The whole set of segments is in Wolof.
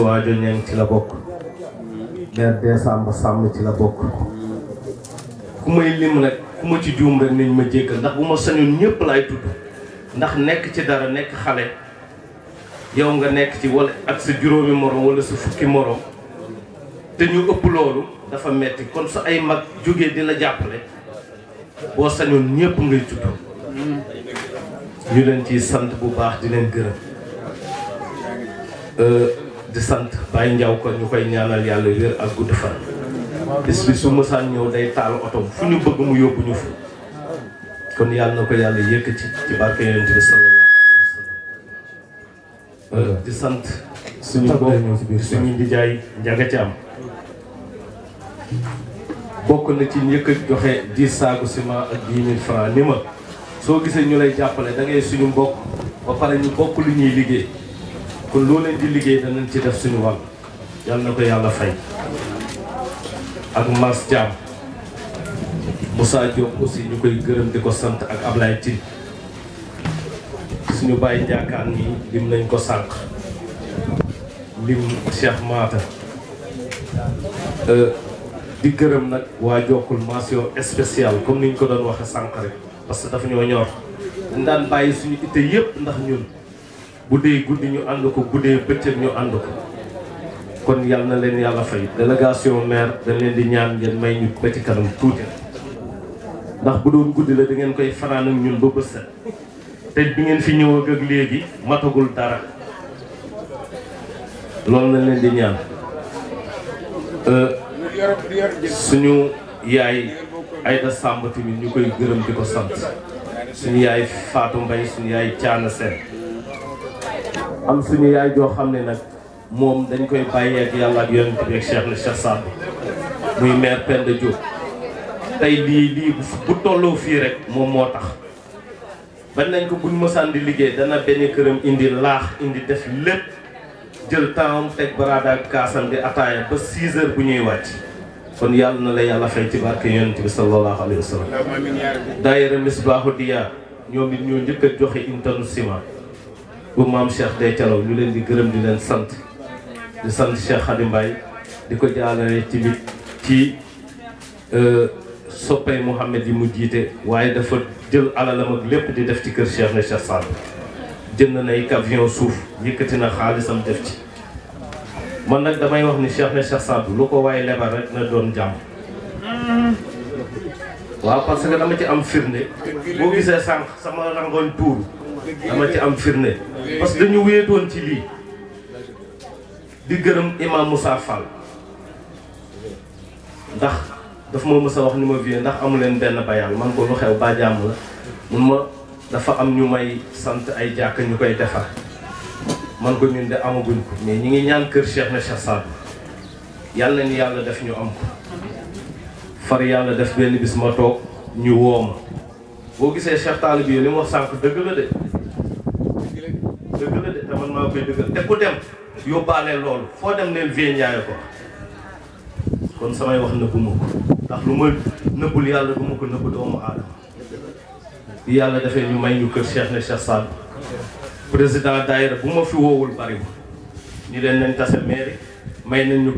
waajo ñeen ci la bokk der décembre sàmm ci la bokk ku may lim nag ku ci juum rek nañ ma jéggal ndax bu ma sañoon ñëpp laay tudd ndax nekk ci dara nekk xale yow nga nekk ci wala ak sa juróomi morom wala sa fukki morom te ñu ëpp loolu dafa metti kon su ay mag jóge dila la jàppale boo sañoon ñëpp ngay tudd ñu leen ciy sant bu baax di leen gërëm euh, di sant Baye Ndiaw ñu koy ñaanal yàlla wér ak gudd fan bis bi su mësaan ñëw day taal otom fu ñu bëgg mu yóbbu ñu fa kon yàlla na ko yàlla yëkkati ci barke yonent euh, di sant suñu bopp suñu am bokk na ci njëkk a joxe dix saaku ciment ak dix mille francs ni ma soo gisee ñu lay jàppale da ngay suñu mbokk ba pare ñu bokk lu ñuy liggéey kon loo leen di liggéey nañ ci def suñu wal yalla na yalla fay ak mas jam Moussa Diop aussi ñu koy gërëm di ak Ablaye tin suñu bàyyi njaakaan ni lim nañ ko sank lim Cheikh euh di gërëm nak wa jokul mention spécial comme niñ ko doon waxe sank rek parce que dafa ñoo ñor dañ daan suñu ité yépp ndax ñun bu dee guddi ñu ànd ko bu bëccëg ñu ànd ko kon yàlla na leen yàlla fay délégation meer dañ leen di ñaan ngeen may ñu ba ci kanam tuuti ndax bu doon guddi la da ngeen koy fanaan ñun ba bës set te bi ngeen fi ñëw ak léegi matagul dara loolu lañ leen di ñaan euh, suñu yaay Aïda Samb tamit ñu koy gërëm di ko sant suñu yaay Fatou Mbaye suñu yaay Thiana Sène am suñu yaay jo xam nak mom dañ koy bàyyi ak yalla ak yoonte bi ak Cheikh le Cheikh sa muy maire pende djou tay li li bu tolloo fi rek mom motax ban nañ ko buñu mosaan di liggéey dana benn kërëm indi laax indi def lepp jël taam tek baraada ak kaasam di ataaya ba 6 heures bu ñuy wacc kon yalla na la yalla fay ci barke yoonte bi sallallahu alayhi wasallam daayira Misbaahu Diya ñoom it ñoo jëkke joxe internet ciment bu maam Cheikh day Thialaw ñu leen di gërëm di leen sant di sant Cheikh Khady di ko jaalale tamit ci euh, soppay Mouhamed yi mu jiite waaye dafa jël alalam lépp di def ci kër Cheikh na Cheikh Sall jënd na ay avion suuf yëkkati na xaalisam def ci man nag damay wax ni Cheikh na Cheikh Sall lu ko waaye lebal rek na doon jàmm waaw parce que dama ci am firnde boo gisee sànq sama rangoñ tuuru dama ci am firne parce que dañu wéton ci li di gërem imam Moussa Fall ndax daf mo mës wax ni ma vie ndax amu len ben bayal man ko lu xew ba jàmm la mun ma dafa am ñu may sant ay jàkk ñu defal man ko ñun de amaguñ ko mais ñi ngi ñaan kër Cheikh na Cheikh yalla ni yalla def ñu am ko far yalla def ben bis ma tok ñu wom bo gisee Cheikh talib yi li mu wax sank deug la de dëgg la de taman maa koy dëggal te ku dem yóbbaale loolu foo dem neel vie ñaay ko kon samay wax nëbbu ma ko ma nëbbul yàlla du ma ko nëbb doomu aadama bi yàlla defee ñu may ñu wul Cheikh ne Cheikh Sall président daayira bu may nañ ñu na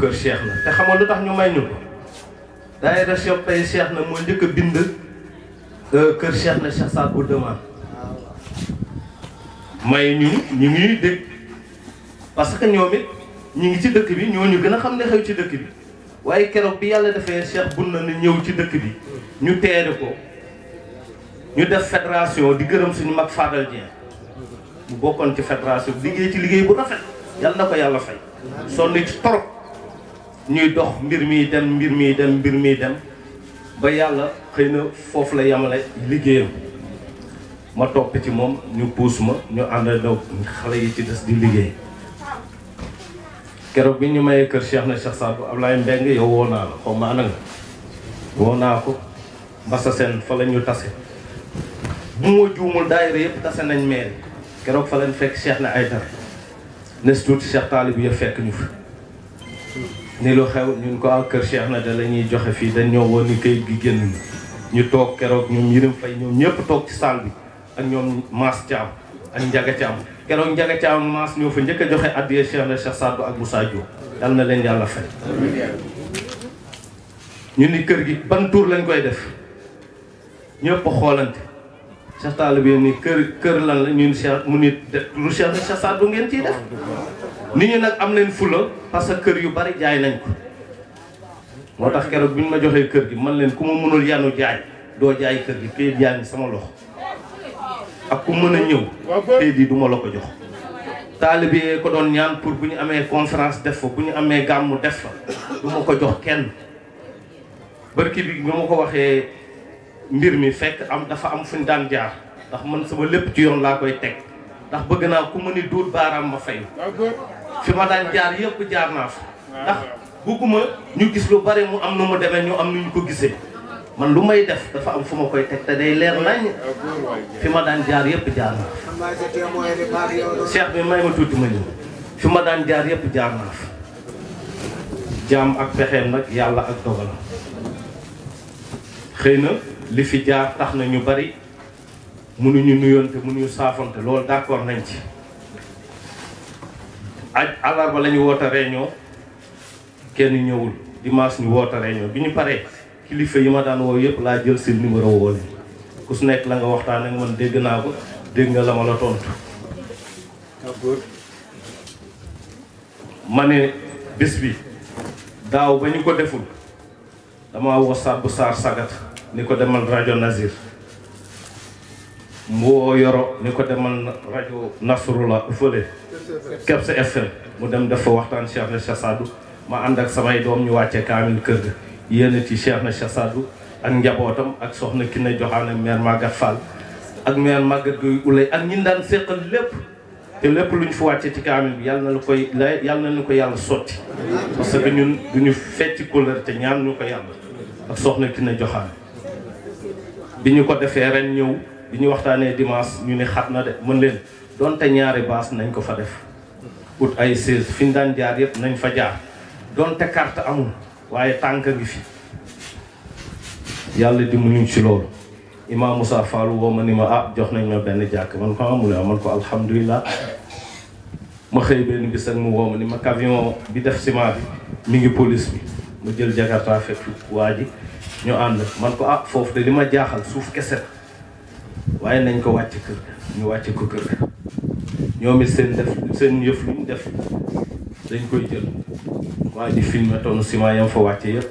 te xam na na may ñun ñu ngi dégg parce que ñoom it ñu ngi ci dëkk bi ñoo ñu gën a xam ne xew ci dëkk bi waaye keroog bi yàlla defee Cheikh Bouna na ñëw ci dëkk bi ñu teere ko ñu def fédération di gërëm suñu mag Fadal Dieng bu bokkoon ci bi liggéey ci liggéey bu rafet yàlla na ko yàlla fay sonn torop ñuy dox mbir mi dem mbir mi dem mbir mi dem ba yàlla xëy na foofu la yamale liggéeyam ma topp ci moom ñu puus ma ñu àndandoo xale yi ci des di liggéey keroog bi ñu mayee kër seex na Cheikh Sadou Ablaye Mbengue yow woo naa la xaw ma ana ko Mbassa Sène fa la ñu tase bu ma juumul daayira yëpp tase nañ mairie keroog fa lañ fekk Cheikh na Aïtara nes tuuti Cheikh Taalib yëpp fekk ñu fi ni lu xew ñun ko ak kër Cheikh na da la ñuy joxe fii dañ ñoo woon ni kayit gi génn ñu toog keroog ñoom yërëm fay ñoom ñëpp toog ci salle bi ak ñoom Mass Thiam ak Ndiaga Thiam keroog Ndiaga Thiam Mass ñoo fa njëkk a joxe addiya Cheikh na sa Sadou ak bu Diop yal na leen yàlla fay ñu ni kër gi ban lañ koy def ñëpp xoolante Cheikh Tall bi ni kër kër lan la ñun Cheikh mu nit lu Cheikh na Cheikh Sadou ngeen def nit ñi nag am leen fula parce que kër yu bari jaay nañ ko moo tax keroog bi ñu ma joxee kër gi man leen ku ma mënul yanu jaay doo jaay kër gi kay jaay sama loxo ak ku mën a ñëw crédit du ma la ko jox taalibe ko doon ñaan pour bu ñu amee conférence def fa bu ñu amee gàmmu def fa du ma ko jox kenn barki bi bi ma ko waxee mbir mi fekk am dafa am fu ñu daan jaar ndax man sama lépp ci yoon laa koy teg ndax bëgg naa ku ma ni duut baaraam ma fay fi ma daan jaar yëpp jaar naa fa ndax bëgguma ñu gis lu bari mu am nu mu demee ñu am nu ñu ko gisee man lu may def dafa am fuma ma koy tek te day leer nañ fi ma daan jaar yëpp jaar na cheikh bi may ma tuuti ma ñëw fi ma daan jaar yëpp jaar na fa jaam ak fexem nak yalla ak dogalam xeyna li fi jaar taxna ñu bari nuyonté nuyoonte ñu safonté lool d'accord nañ ci aj alarba la ñu woote réunion kenn ñewul dimanche ñu wota réunion bi paré kilifa yi ma daan woo yëpp laa jël si numéro woo leen ku su nekk la nga waxtaan ak man dégg naa ko dégg nga la ma la tontu. mane ne bi daaw ba ñu ko deful damaa woo Sadou Sarr sagat ni ko demal rajo Nazir mu woo Yoro ni ko demal rajo Nasrula fële Kebs FM mu dem def fa waxtaan Cheikh Sadou ma ànd ak samay doom ñu wàcce kaamil kër gi yéene ci Cheikh na Cheikh Sadou ak njabootam ak soxna Kiné Joxaane maire Maguette Fall ak maire Maguette Gueye Ulay ak ñi daan seqal lépp te lépp luñ ñu fi wàccee ci kaamil bi yàlla na lu koy yàlla na ñu ko yàlla sotti parce que ñun du ñu fecc couleur te ñaan ñu ko yàlla ak soxna Kiné Joxaane bi ñu ko defee ren ñëw bi ñu waxtaanee dimanche ñu ne xat na de mën leen donte ñaari baas nañ ko fa def ut ay 16 fi ñu daan jaar yëpp nañ fa jaar donte carte amul waaye tànk ngi fi yàlla dimbali ci loolu Imam Moussa Fall woo ma ni ma ah jox nañ ma benn jàkk man ko amul ah, man ko alhamdulilah ma xëy benn bis ak mu woo ni ma camion bi def ciment bi mi ngi police bi ma jël jakarta fekk waa ji ñu ànd man ko ah foofu de li ma jaaxal suuf kese waaye nañ ko wàcc kër ga ñu wàcc ko kër ga ñoom it seen def seen yëf luñ def dañ koy jël waa ji filmé tonn ciment yam fa wàcce yëpp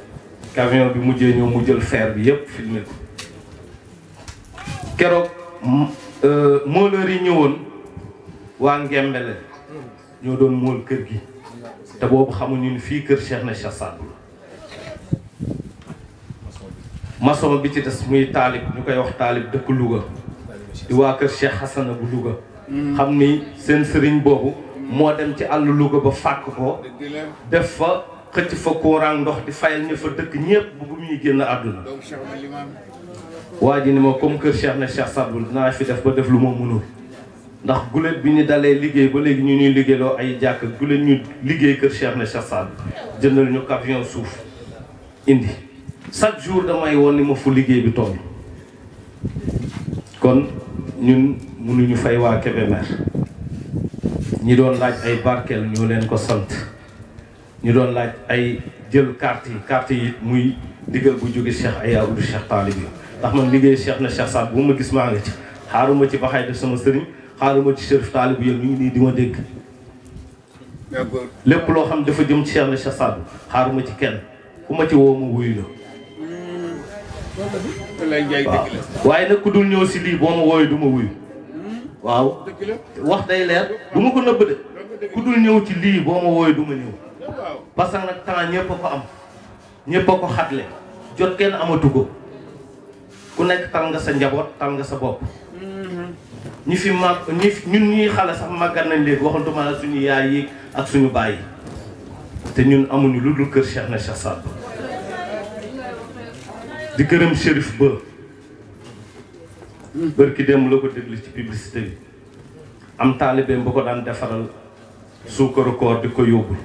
camion bi mujjee ñëw mu jël fer bi yépp filmé ko keroog euh, mooleur yi ñëwoon waa Ngembele ñoo doon mool kër gi te boobu xamuñu ni fii kër Cheikh na Cheikh Sadou bi ci des muy taalib ñu koy wax taalib dëkk Louga di waa kër Cheikh Hassan bu Louga hmm. xam ni seen sëriñ boobu moo dem ci àll Louga ba fàkk ko def fa xëcc fa courant ndox di fayal ñu fa dëkk ñëpp bu ñuy génn àdduna waa ji ni ma comme kër Cheikh na Cheikh Sadbou dinaa fi def ba def lu ma mënul ndax gulet bi ñu dalee liggéey ba léegi ñu ñuy liggéeyloo ay jàkk gulet ñu liggéey kër Cheikh na Cheikh Sadbou jëndal ñu camion suuf indi chaque jour damay won ni ma fu liggéey bi toll kon ñun mënuñu fay waa Kébémer ñi doon laaj ay barkeel ñoo leen ko sant ñu doon laaj ay jël carte yi yi muy digal bu jóge Cheikh ay Oudou Cheikh Talib yi ndax man liggéey Cheikh na Cheikh Saad bu ma gis maa nga ci xaaruma ci baxay def sama sëriñ xaaruma ci Cheikh Talib yéen ñu ngi nii di ma dégg lépp loo xam dafa jëm ci Cheikh na Cheikh Saad xaaruma ci kenn ku ma ci woo ma wuyu la waaye nag ku dul ñëw si lii boo ma wooyu du ma Wow, wax day leer du ma ko nëbb de ku dul ñëw ci lii boo ma wooyee du ma parce que temps ko am ñëpp a ko xatle jot kenn amatu ko ku nekk tal nga sa njaboot tal nga sa bopp ñi fi mag ñi ñun ñuy sax nañ la suñu yaay yi ak suñu baay te ñun amuñu di Ba bërki dem lo ko déglu ci publicité am talibé bu ko défaral defaral ko record di ko yobul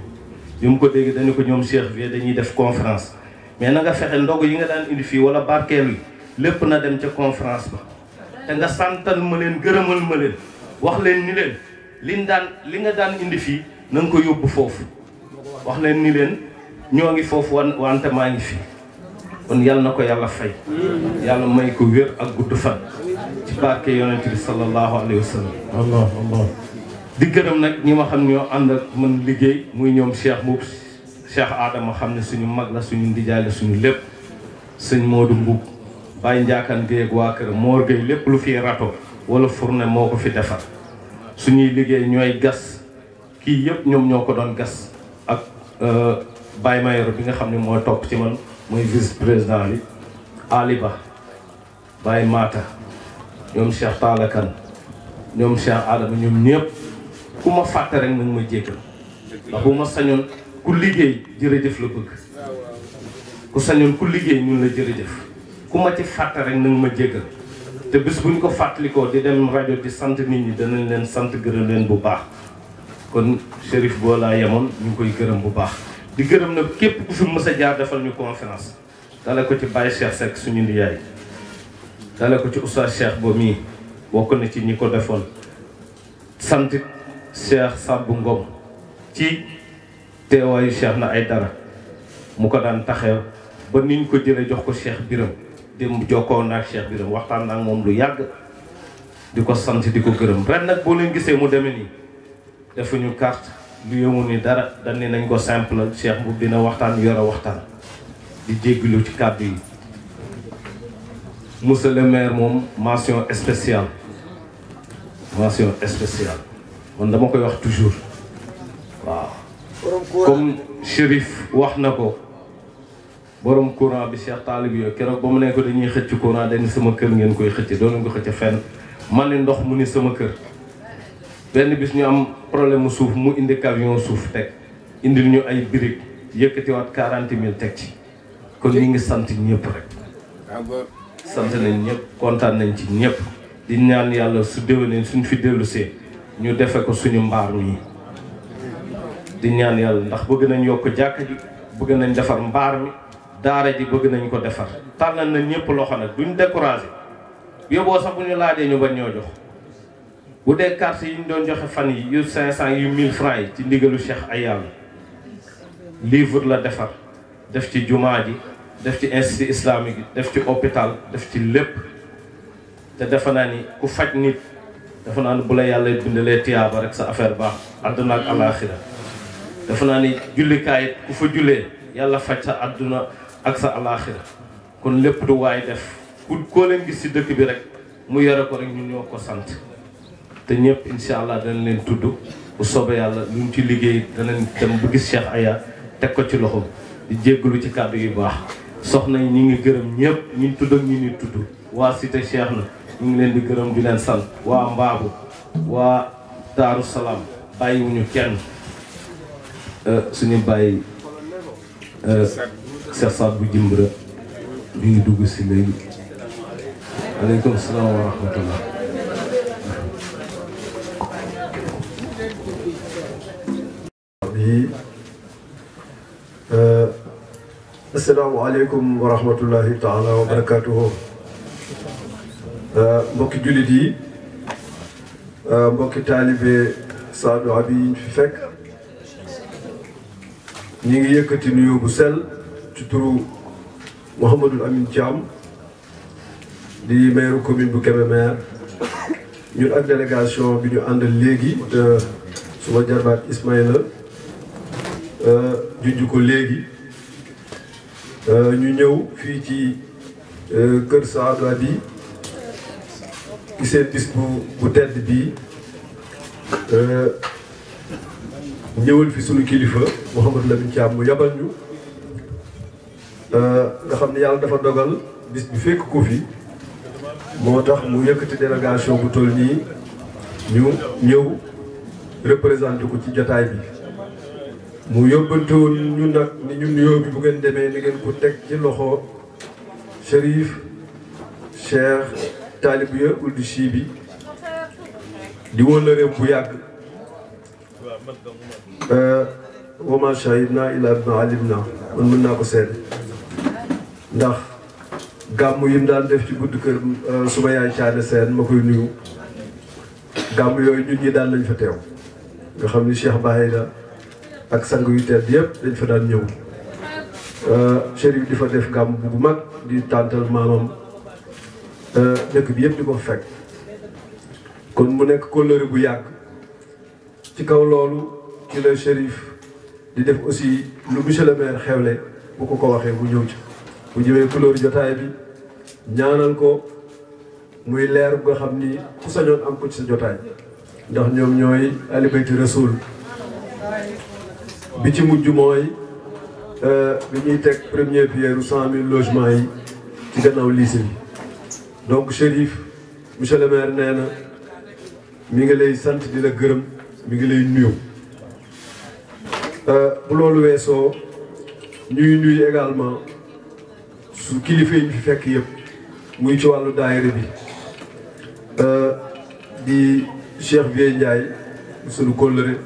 bi ko dégg dañ ko ñom Cheikh vie dañuy def conférence mais na nga fexé ndog yi nga dan indi fi wala barkeelu lepp na dem ci conférence ba té nga santal ma leen wahlen ma leen wax leen ni leen liñ daan li nga dan indi fi nang ko yobbu fofu wax leen ni leen ñogi fofu wante ma ngi fi on yalla nako yalla fay yalla may ko wër ak guddu fan ci barke yonent bi sallallahu wa sallam. di gërëm nag ñi ma xam ñoo ànd ak man liggéey muy ñoom Cheikh Mboub Cheikh Adama xam ne suñu mag la suñu ndijaale suñu lépp sëñ Modou Mboub bàyyi njaakan géeg waa kër moo Gueye lépp lu fi rato wala fourne moo ko fi defar suñuy liggéey ñooy gas kii yëpp ñoom ñoo ko doon gas ak euh, Baye Mayoro bi nga xam ne moo topp ci man mooy vice président bi Ali Ba Baye ñom Cheikh talakan ñom Cheikh adam ñom ñëpp kuma faté rek nag ma jéggal ndax bu ma sañoon ku liggéey jëre jëf la bëgg ku sañoon ku liggéey ñun la jëre jëf kuma ci faté rek nag ma jéggal té bës buñ ko fàttalikoo di dem radio di sante nit ñi dañ leen sante gërëm leen bu baax kon Chérif bola yamon ñu koy gëreem bu baax di gëreem na képp ku fi mësa jaar defal ñu conférence dalé ko ci Baye Cheikh sek suñu ndiyay dalé ko ci oustad cheikh bo mi bokku na ci ñiko defoon santit cheikh sàbb ngom ci téwayu cheikh na ay dara mu ko daan taxé ba niñ ko jëlé jox ko cheikh biram dem joko na cheikh biram waxtaan naag mom lu yagg diko ko sant di ko ren nak bo leen gisé mu demee nii defuñu carte lu yëmu ni dara dañ né nañ ko simple cheikh mu dina waxtaan yoro waxtaan di jéggilu ci monsieur le maire moom mention spéciale mention spéciale on dama koy wax toujours waaw comme Chérif wax na ko borom courant bi Cheikh Taalib yooyu keroog ba mu ne ko dañuy xëcc courant dañ sama kër ngeen koy xëcc doo leen ko xëcc fenn man ni ndox mu ni sama kër benn bis ñu am problème mu suuf mu indi camion suuf teg indil ñu ay briques yëkkatiwaat quarante mille teg ci kon ñu ngi sant ñëpp rek sant nañ ñëpp kontaan nañ ci ñëpp di ñaan yàlla su déwénee suñ fi dellu dellusee ñu defe ko suñu mbaar mi di ñaan yàlla ndax bëgg nañ yokk jàkka ji bëgg nañ defar mbaar mi daara ji bëgg nañ ko defar tànnal nañ ñëpp loxo nag duñ découragé yóbboo sax bu ñu laajee ñu bañ ñoo jox bu dee carte yi ñu doon joxe fan yi yu cinq cent yu mille francs yi ci ndigalu Cheikh Ayane livre la defar def ci jumaa ji def ci institut islamique def ci hôpital def ci lépp te defe naa ni ku faj nit defe naa ni bu la yàlla bindalee tiyaaba rek sa affaire baax àdduna ak alaaxira defe naa ni jullikaay ku fa julee yàlla faj sa àdduna ak sa alaaxira kon lépp du waay def ku koo leen gis ci dëkk bi rek mu yore ko rek ñun ñoo ko sant te ñëpp incha allah dana leen tudd bu soobee yàlla luñ ci liggéey danañ dem bu gis Cheikh Aya teg ko ci loxo di jéggalu ci kàddu yu baax soxna yi ñu ngi gërëm ñëpp ñu tudd ak ñu ni tudd waa Cité Cheikh na ñu ngi leen di gërëm di leen sant waa Mbaabu waa Daaru Salaam bàyyiwuñu kenn euh, suñu bàyyi euh, Cheikh Saad bu Jimbira ñu ngi dugg si léegi aleykum salaam wa السلام عليكم ورحمة الله تعالى وبركاته بوك جلدي بوك طالب سادو أبي فيك نيجي يكتي نيو بسل تترو محمد الأمين تيام دي ميرو كومين بو كامي مير نيو اك ديليغاسيون بي نيو اندل ليغي سوما جربات اسماعيل euh ديجوكو ليغي Euh, ñu ñëw fii ci euh, kër Saadou Abi ci seen bis bu bu tedd bii euh, ñëwal fi suñu kilifa Mouhamadou Lamine Thiam mu yabal ñu nga xam ne yàlla dafa dogal bis bi fekk ko fi moo tax mu yëkkati délégation bu toll nii ñu ñëw représenté ko ci jotaay bi mu yóbbante woon ñu nag ni ñu nuyoo bi bu ngeen demee ni ngeen ko teg ci loxo Chérif Cheikh Talibouya Ould bi di wóllëreem bu yàgg euh, wa ma shahidna illa bima alimna man mën naa ko seet ndax gàmm yi mu daan def ci gudd kër euh, suma yaay caane seen ma koy nuyu gàmm yooyu ñu ñi daal nañ fa teew nga xam ni Cheikh Bahayda ak sang yu tedd yëpp dañ fa daan ñëw euh, chérif di fa def gàmm bu mag di tàntal maamam euh, dëkk bi yëpp di ko fekk kon mu nekk kóllëre bu yàgg ci kaw loolu ci la chérif di def aussi lu monsieur le maire xewle bu ko ko waxee bu ñëw ci bu ñëwee couleur jotaay bi ñaanal ko muy leer bu nga xam ni ci sañoon am ko ci sa jotaay ndax ñoom ñooy alibayti rasul bi ci mujj mooy e, bi ñuy teg première pierre cent mille logements yi ci gannaaw lycée bi donc Chérif monsieur le maire nee na mi ngi lay sant di la gërëm mi ngi lay nuyu e, bu loolu weesoo ñuy nuyu également su kilifa yi fi fekk yëpp muy ci wàllu daayira bi e, di Cheikh Vieux Ndiaye sunu kóllëre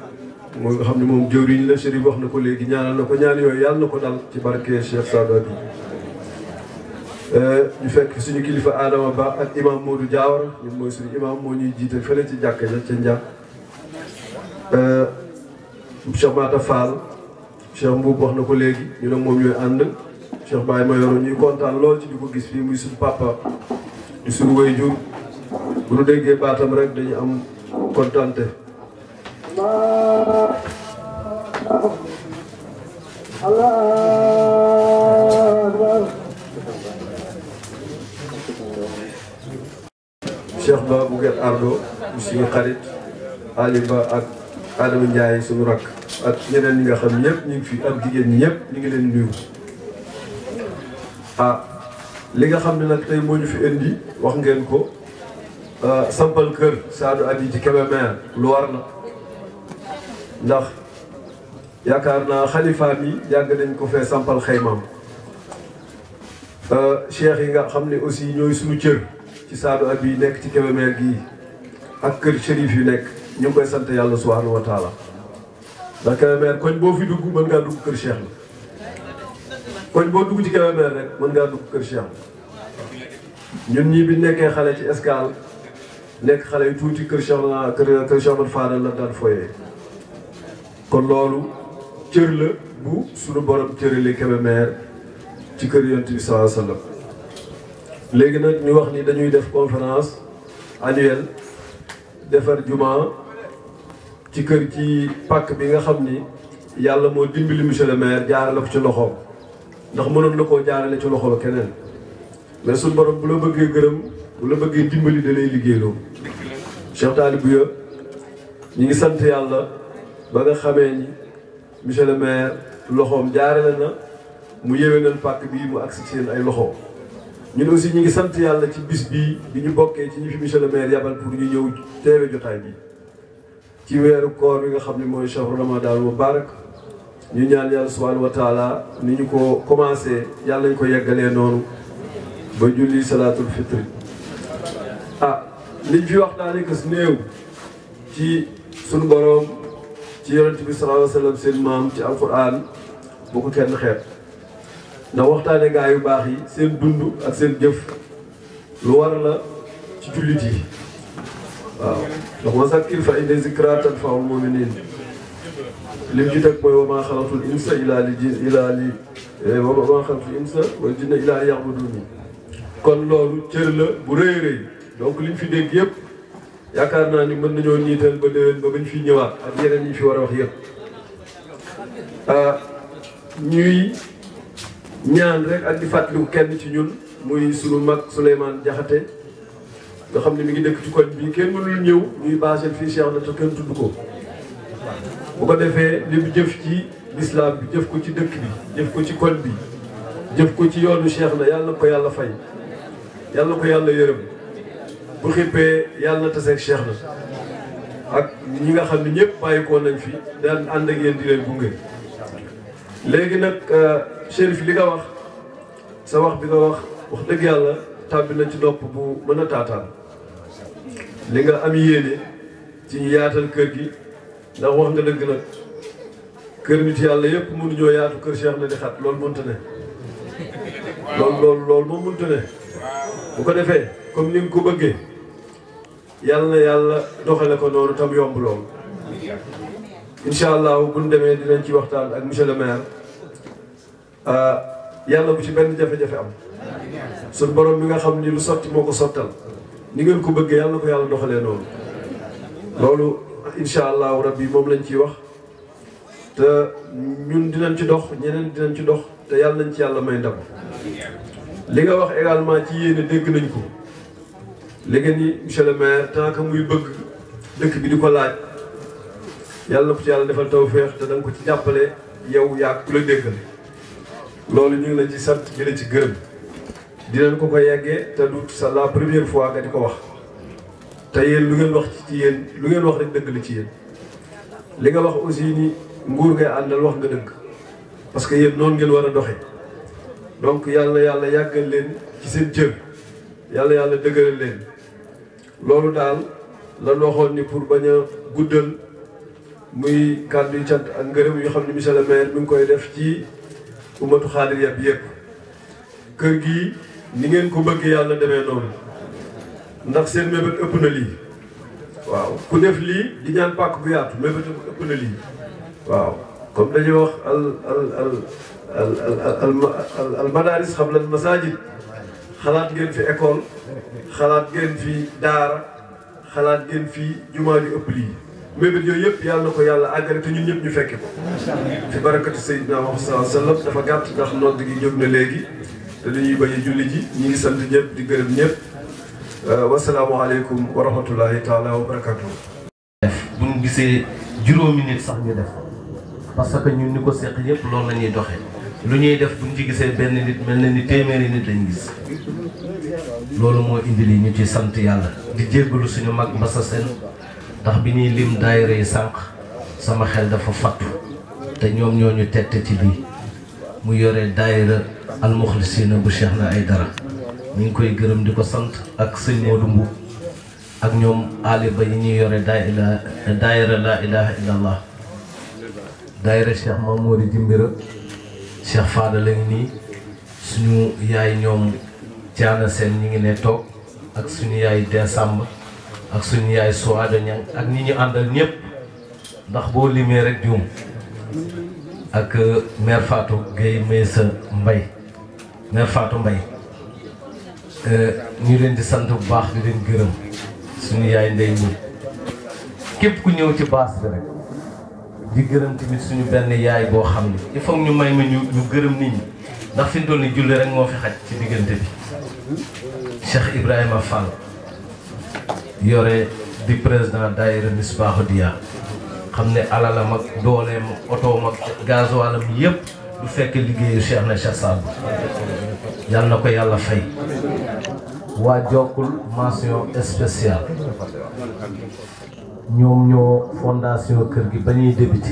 moo nga xam ne moom jëwriñ la Chérif wax na ko léegi ñaanal na ko ñaan yooyu yàlla na ko dal ci barke Cheikh Sada bi euh, ñu fekk suñu kilifa Adama Ba ak imam Modou Diawara ñun mooy suñu imam moo ñuy jiite fële ci jàkk ja ci njàkk euh, Cheikh Mata Fall Cheikh Mbuub wax na ko léegi ñu ne moom ñooy ànd Cheikh Baye Mayoro ñuy kontaan lool ci di ko gis fii muy suñu papa di suñu waajur bu ñu déggee baatam rek dañu am kontaante cheikh ba Bougane Ardo suñu xarit Ali Ba ak Adama Ndiaye suñu rakk ak ñeneen ñi nga xam ñëpp ñu ngi fi ak jigéen ñi ñëpp ñu ngi leen nuyu. ah li nga xam ne nag tey moo ñu fi indi wax ngeen ko sampal kër Sadou Adi ci Kébémer lu war la. ndax yaakaar naa xalifaam yi yàgg nañ ko fee sampal xaymaam cheikh yi nga xam ne aussi ñooy suñu cër ci saadu ab yi nekk ci Kébémer gii ak kër shérif yu nekk ñu ngi koy sant yàlla subhanahu wa taala ndax Kébémer koñ boo fi dugg mën ngaa dugg kër cheikh la koñ boo dugg ci Kébémer rek mën ngaa dugg kër cheikh la ñun ñii bi nekkee xale ci Escale nekk xale yu tuuti kër cheikh la kër cheikh man faadal la daan foyee kon loolu cër la bu suñu borom cërale Kébémer ci kër yonent bi sallallahu alayhi wasallam léegi nag ñu wax ni dañuy def conférence annuelle defar juma ci kër ci pàkk bi nga xam ni yàlla moo dimbali monsieur le maire jaarale ko ci loxoom ndax mënoon na koo jaarale ci loxo keneen mais suñu borom bu la bëggee gërëm bu la bëggee dimbali da lay liggéeyloo Cheikh Talibou ya ñu ngi sant yàlla ba nga xamee ni monsieur le maire loxoom jaarale na mu yéwénal pàkk bii mu agsi seen ay loxo ñun aussi ñu ngi sant yàlla ci bis bii bi ñu bokkee ci ñu fi monsieur le maire yabal pour ñu ñëw teewe jotaay bi ci weeru koor bi nga xam ne mooy chahru ramadan mubarak ñu ñaan yàlla subhanahu wa taala ni ñu ko commencé yàlla ñu ko yeggalee noonu ba julli salaatul fitri ah liñ fi wax daanaka néew ci sunu boroom يرن تبي صلى الله عليه وسلم سين مام في القرآن بوكو كان خير نوقت على جاي باهي سين دندو أكسين جف لوار لا تجليتي لما ذكر فإن ذكرى تنفع المؤمنين لم جدك بوي وما خلق الإنس إلى لجين إلى لي وما خلق الإنس والجن إلى يعبدوني كل لورو تشيل بريري دوك لين في ديك يب yaakaar naa ni mën nañoo niital ba déwén ba bañ fi ñëwaat ak yeneen yi fi war a wax yëpp ah, ñuy ñaan rek ak di fàttaliku kenn ci ñun muy sunu mag Souleymane jaxate nga xam ne mu ngi dëkk ci koñ bi kenn mënul ñëw ñuy baaseel fii Cheikh na te kenn tudd ko bu ko defee li mu jëf ci lislaam bi jëf ko ci dëkk bi jëf ko ci koñ bi jëf ko ci yoonu Cheikh na yàlla na ko yàlla fay yàlla ko yàlla yërëm bu xippee yàlla na taseeg cheikh na ak ñi nga xam ne ñëpp bàyyi ko nañ fi daan ànd ak yéen di leen gunge léegi nag euh, chérif li nga wax sa wax bi nga wax wax dëgg yàlla tàbbi nañ ci nopp bu mën a taataan li nga am yéene ci yaatal kër gi ndax wax nga dëgg nag kër nit yàlla yëpp mënuñoo yaatu kër Cheikh na di xat loolu mënta ne loolu loolu loolu moom mënta ne bu ko defee comme ni nga ko bëggee yal na yàlla doxale ko noonu tam yomb loolu incha allahu buñ demee dinañ ci waxtaan ak monsieur le maire ah, yàlla bu ci benn jafe-jafe am suñ borom bi nga xam ni lu sotti moo ko sottal ni ngeen ko bëggee yàlla ko yàlla doxalee noonu loolu incha allahu yi moom lañ ciy wax te ñun dinañ ci dox ñeneen dinañ ci dox te yàlla nañ ci yàlla may ndam li nga wax également ci yéene dégg nañ ko léegi ni monsieur le maire tant que muy bëgg dëkk bi di ko laaj yàlla na ko ci yàlla defal tawféex te da ko ci jàppale yow yaa ku la déggal loolu ñu ngi la ci sant ñu la ci gërëm dinañ ko ko yàggee te du sa la première fois nga di ko wax te yéen lu ngeen wax ci yéen lu ngeen wax rek dëgg la ci yéen li nga wax aussi ni nguur ngay àndal wax nga dëgg parce que yéen noonu ngeen war a doxee donc yàlla yàlla yàggal leen ci seen jëm yàlla yàlla dëgëral leen loolu dal, lan waxoon ni pour baña guddal muy kaddu yu cant ak ngërëm yu xamni ne monsieur le maire mi koy def ci umatu khadir yab yëpp keur gi ni ngeen ko bëgg yalla demee non ndax seen mebeut ëpp na li waaw ku def li di ñaan pak bu yaatu mebeut ëpp na li waaw comme dañuy wax al al al al al al al al madaris xam al masajid khalat ngeen fi école xalaat ngeen fi daara xalaat ngeen fi jumaa ju ëpp lii mébét yooyu yëpp yàlla na ko yàlla àggale te ñun ñëpp ñu fekke ko fi barakatu Seydina Muhammad sallallahu alayhi wa sallam dafa gàtt ndax nodd gi jóg na léegi te dañuy bañ a julli ji ñi ngi sant ñëpp di gërëm ñëpp wasalaamualeykum wa rahmatullahi taala wa barakatuh bu ñu gisee juróomi nit sax ñu def parce que ñun ni ko seq yëpp loolu la ñuy doxee lu ñuy def bu ñu ci gisee benn nit mel na ni téeméeri nit lañ gis loolu moo indi li ñu ci sant yàlla di jéggalu suñu mag Mbassa Sène ndax bi ñuy lim daayira yi sànq sama xel dafa fattu te ñoom ñoo ñu tette ci lii mu yore daayira almuxlisina bu Cheikh na ay dara ñu ngi koy gërëm di ko sant ak sëñ Modou ak ñoom Ali ba yi ñuy yore daayira daayira laa ilaha illallah daayira Cheikh Mamoudi Jimbira Cheikh Fada leen nii suñu yaay ñoom jaana seen ñi ngi ne toog ak suñu yaay Desamba ak suñu yaay Suwaada Ñang ak ñi ñu àndal ñëpp ndax boo limee rek juum ak euh, mère Fatou Gueye Maysa Mbay mère Fatou Mbay euh, ñu leen di sant bu baax di leen gërëm suñu yaay ndey ñi képp ku ñëw ci baas bi rek di gërëm tamit suñu benn yaay boo xam ni il faut ñu may ma ñu ñu gërëm nit ñi ndax fi doon toll julli rek moo fi xaj ci diggante bi Cheikh Ibrahima Fall yore di président daayira Misbaahu Diya xam ne alalam ak dooleem otoom ak gasoilam yépp du fekk liggéeyu Cheikh na Cheikh Sall yàlla na ko yàlla fay waa Jokkul mention spéciale ñoom ñoo fondation kër gi ba ñuy débuté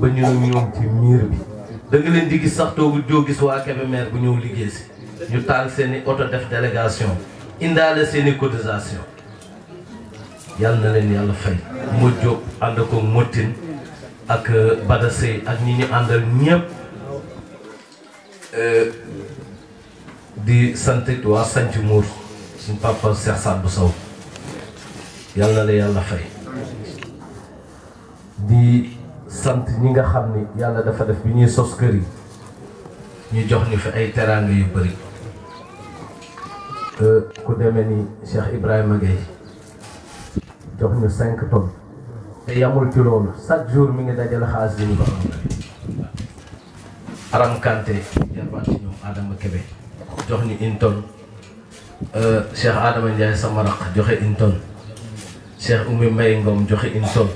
ba ñu ne ñoom ci miir bi da nga leen di gis sax toogu joo gis waa Kébémer bu ñëw liggéey si ñu taal seeni i oto def délégation indaale seeni i cotisation yàlla na leen yàlla fay mu ànd ko mottin ak euh, Bada Sey ak ñi ñu àndal ñëpp euh, di sant waa sanc muur suñ papa Cheikh Sadou Sow yàlla la yàlla fay di sant ñi nga xam ni yàlla dafa def bi ñuy sos kër yi ñu jox ñu fi ay teraanga yu bëri ku demee ni Cheikh Ibrahima Gueye jox ñu cinq tonnes te yamul ci loolu chaque jour mi ngi dajale xaalis bi ñu ko am aram jarbaat ci ñoom Adama Kébé jox ñu une Euh, Cheikh Adama Ndiaye sama raq joxe une tonne Cheikh Oumy Mbaye joxe une tonne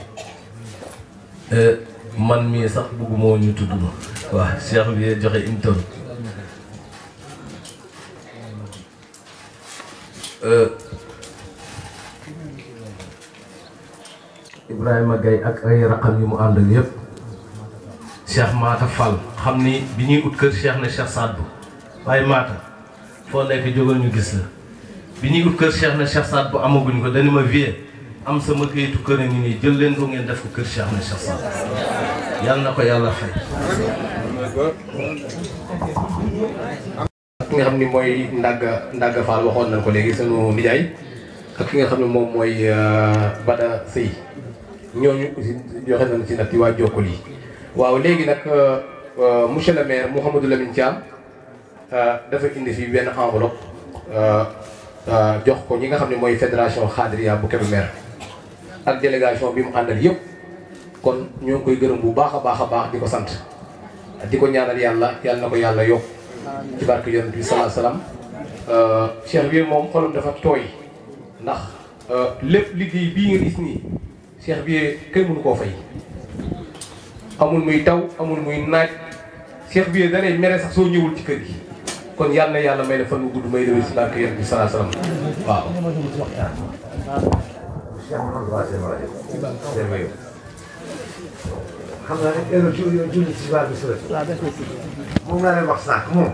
euh, man mii sax bëgguma woon ñu tudd ma waaw Cheikh bi joxe une tonne euh, Ibrahima gay ak ay raqam yu mu àndal yépp Cheikh Maata Fall xam ni bi ñuy ut kër Cheikh na Cheikh Sadbou waaye Maata foo nekk jógal ñu gis la bi ñu ut kër Cheikh na Cheikh Saad bu amaguñ ko dañu ma vie am sama këyitu kër a nii jël leen ko ngeen def ko kër Cheikh na Cheikh Saad yàlla na ko yàlla fay nga xam ni mooy Ndaga Ndaga Fall waxoon nañ ko léegi sunu nijaay ak ki nga xam ne moom mooy euh, Bada Sëy ñooñu aussi joxe nañ ci nag ci waa yi waaw léegi nag euh, euh, monsieur le maire Mouhamadou Lamine Thiam Euh, dafa indi fi benn enveloppe euh, euh, jox ko ñi nga xam ne mooy fédération xaadiriya bu Kébémer ak délégation bi mu àndal yëpp kon ñoo ngi koy gërëm bu baax a baax a baax di ko sant di ko ñaanal yàlla yàlla na ko yàlla yokk ci barke yonent bi salaa salaam cheikh bi moom xolam dafa tooy ndax lépp liggéey bii nga gis nii cheikh bi kenn mënu koo fay amul muy taw amul muy naaj cheikh bi danay mere soo ñëwul ci kër gi kon yàlla na yàlla may la fan wu gudd may dawee si barke yéen bi salaa salaam waaw. xam nga ne heure ju julli ci baal bi si la. moom laa leen wax sànq moom.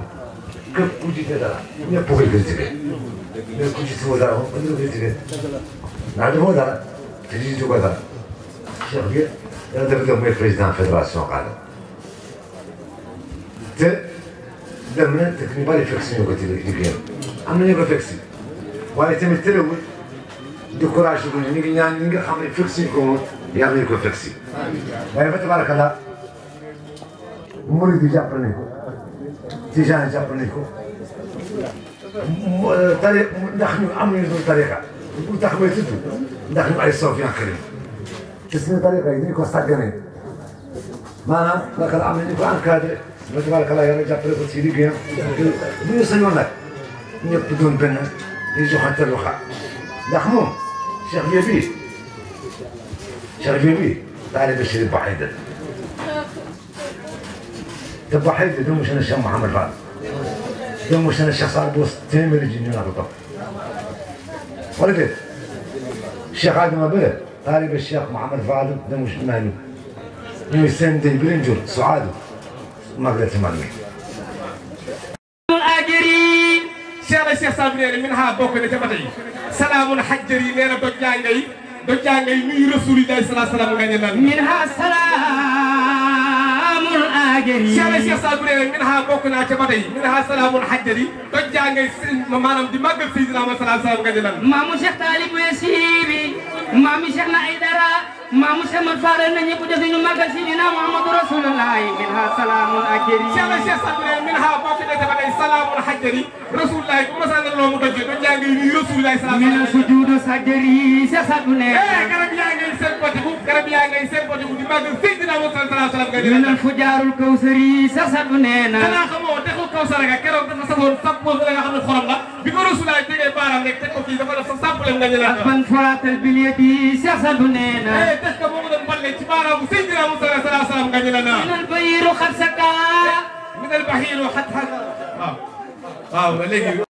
képp ku jiite dara. ñëpp koy critiqué. mais ku jiite woo dara moom dañoo critiqué. ndax defoo dara. te jiite ko dara. Cheikh bi yàlla dafa def mooy président fédération Kaolack. te. زمنا تكني بالي فيكسين وقت دقيقة أما نبغى فيكسين ولا تم التلوي ديكوراج يقول نيجي نيجي يعني نيجي خمر فيكسين يكون يعمل يكون فيكسين ويا فتبارك الله مريض جابرنيكو تيجان جابرنيكو طريق نحن عملنا طريقة وتحويتته نحن أي صوفيان كريم تسمي طريقة يدري كوستاكرين ما أنا لكن عملنا كوان كادر ما تبارك الله يا رجال رجع سيدي بيان من لك من يقبضون بنا يجوا حتى الرخاء لحموم شيخ بيبي شيخ بيبي تعالي باش يذبح حيدر ذبح حيدر دومش انا الشيخ محمد فاضل دوموش انا الشيخ صالح بوسط تامر الجنيون على الطب ولا كيف الشيخ عادم بلد طالب الشيخ محمد فاضل دوموش مالو يسند برينجور سعاده magal ci man mi ajëri cheikh a cheikh sam nee na min ha bokk na ca ba tey salaamun xajjar yi nee na doj jàngay doj jàngay nuyu rasulillahi sala salaam nga ñu naan min ha salaamun ajëri cheikh a cheikh sam nee na min ha bokk naa ca ba tey min ha salaamun xajjar yi doj jàngay maanaam di màggal Seydina Muhammad salaam salaam nga ñu naan maamu cheikh Talib Wesibi maamu cheikh na ay dara maamu Cheikh Faare na ñëpp def ñu màggal Seydina Muhammadu Rasulullahi minha salaamun akiri Cheikh Cheikh Sadre minha boo ci defee ba tey salaamun xajari Rasulullahi bu ma saa ne loo mu dojee ba jàng yi Rasulullahi salaamun mina sujudu sadri Cheikh Sadre ne eh, garab yaa ngay seen botiku garab yaa ngay seen botiku di màggal Seydina Muhammadu sallallahu alayhi wa sallam nga minal fujaarul kawsari Cheikh Sadre nee na xanaa xamoo dexu kawsara nga keroog dafa safoon sap boobu la nga xam ne xorom la bi ko Rasulullahi tegee baaraam rek teg ko fii dafa def sa sàpp leen nga ñu la ak man faraatal biliyati Cheikh Sadre nee na eh, est-ce que moom doon mballe ci baaraamu Seydina Moussa sallallahu alayhi wa sallam gañe la naa. minal bayiru xat saka. minal bahiru xat xat waaw waaw léegi.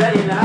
la la é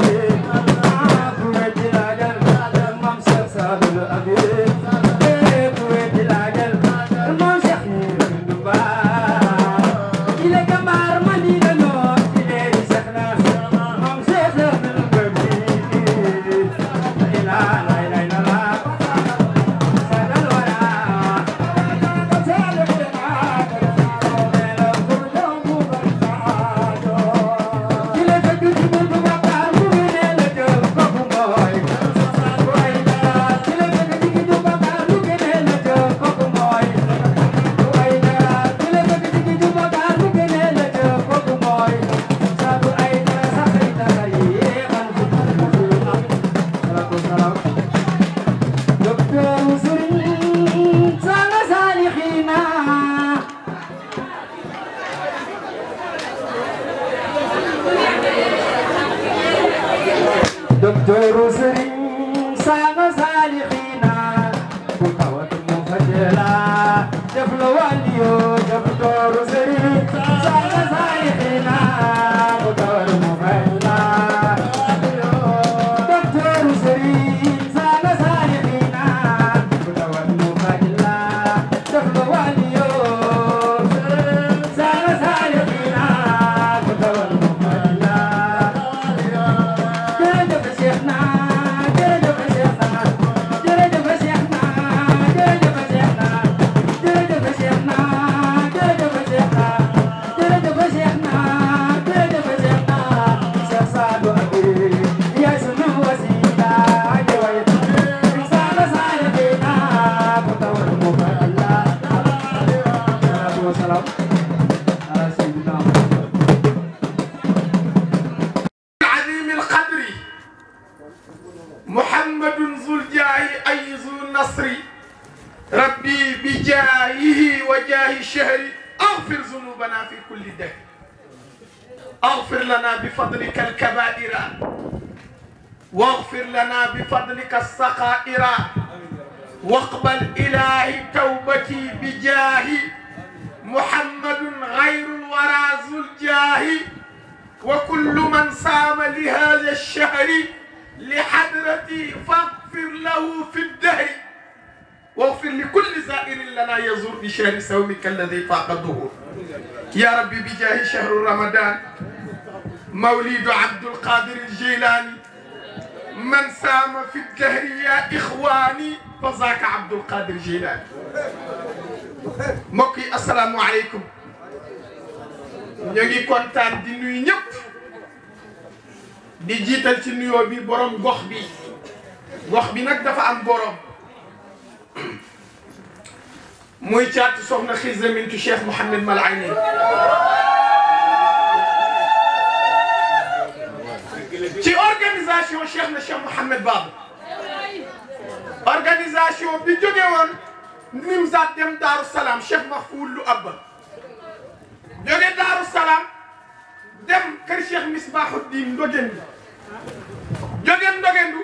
yeah. موليد عبد القادر الجيلاني من سام في الدهر يا إخواني فزاك عبد القادر الجيلاني موكي السلام عليكم نيجي كونتان دي نوي نيب دي جيتال سي نيو بي بروم بوخ بي بوخ بي نك دافا ام بروم موي تيات سوخنا خيزه منتو شيخ محمد ملعيني ci organisation Cheikh na Cheikh mohammed Baba organisation bi jóge woon Nimzaat dem daru salam Cheikh Mahfoul lu Abba jóge daru salam dem kër Cheikh Misbahuddin ndogen jóge ndogen du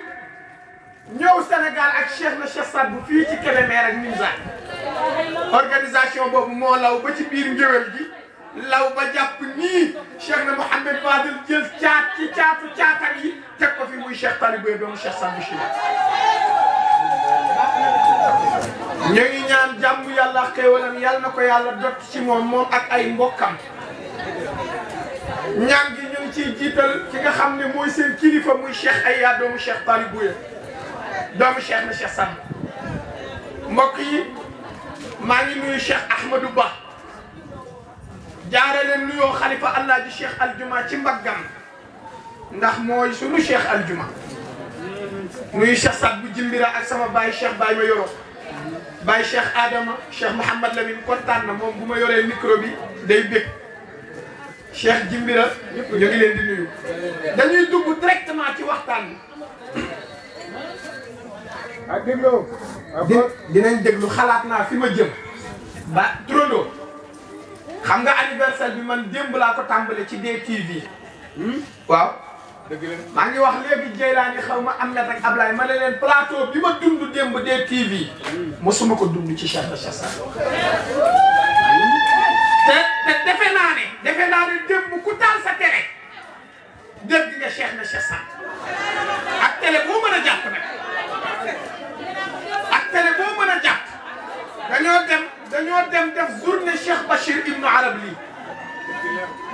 ñëw Sénégal ak Cheikh na Cheikh sad bu fii ci kelemer ak Nimzaat organisation bobu mo law ba ci bir ngeewel gi لو بجابني شيخنا محمد فاضل جل تشات تشات تشات علي تكو في مو شيخ طالب بيو مو شيخ سامي شي نيي نيان جامو يالا خيولام يال نكو يالا دوت سي موم موم اك اي مبوكام نيان جي نيو سي جيتال كيغا خامني موي سين كليفا موي شيخ ايا دوم شيخ طالب بيو دوم شيخنا شيخ سامي مبوكي ماغي نوي شيخ احمد با jaare leen nuyoo xalifa Alaaji Cheikh Aljuma ci mbaggam ndax mooy sunu Cheikh Aljuma nuyu Cheikh Saad bu jimbira ak sama baay Cheikh baay ma yoroo baay Cheikh Adama Cheikh Mouhamad Lamine kontaan na moom bu ma yoree micro bi day bég Cheikh jimbira ñu ngi leen di nuyu dañuy dugg directement ci waxtaan bi ak déglu dinañ déglu xalaat naa fi ma jëm ba turandoo xam nga anniversaire bi man démb laa ko tàmbale ci DTV. Hmm? waaw. dëgg maa ngi wax léegi Jeylaani xaw ma am na rek Ablaye ma ne leen plateau bi ma dund démb DTV. Hmm. mosuma ko dund ci Cheikh Chassa. Hmm? te te defe naa defe naa ne démb ku taal sa télé dégg nga Cheikh na Chassa ak télé boo mën a jàpp nag ak télé boo mën a jàpp dañoo dem. dañoo dem def journée Cheikh Bachir Ibn Arab lii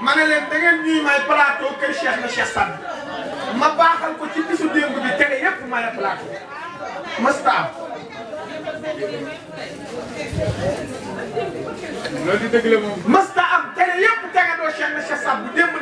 ma ne leen da ngeen ñuy may plateau kër Cheikh na Cheikh Sadd ma baaxal ko ci bisu démb bi télé yépp may plateau mastaam loolu di dëgg la moom masta am télé yépp tege doo Cheikh na Cheikh Sadd bu démb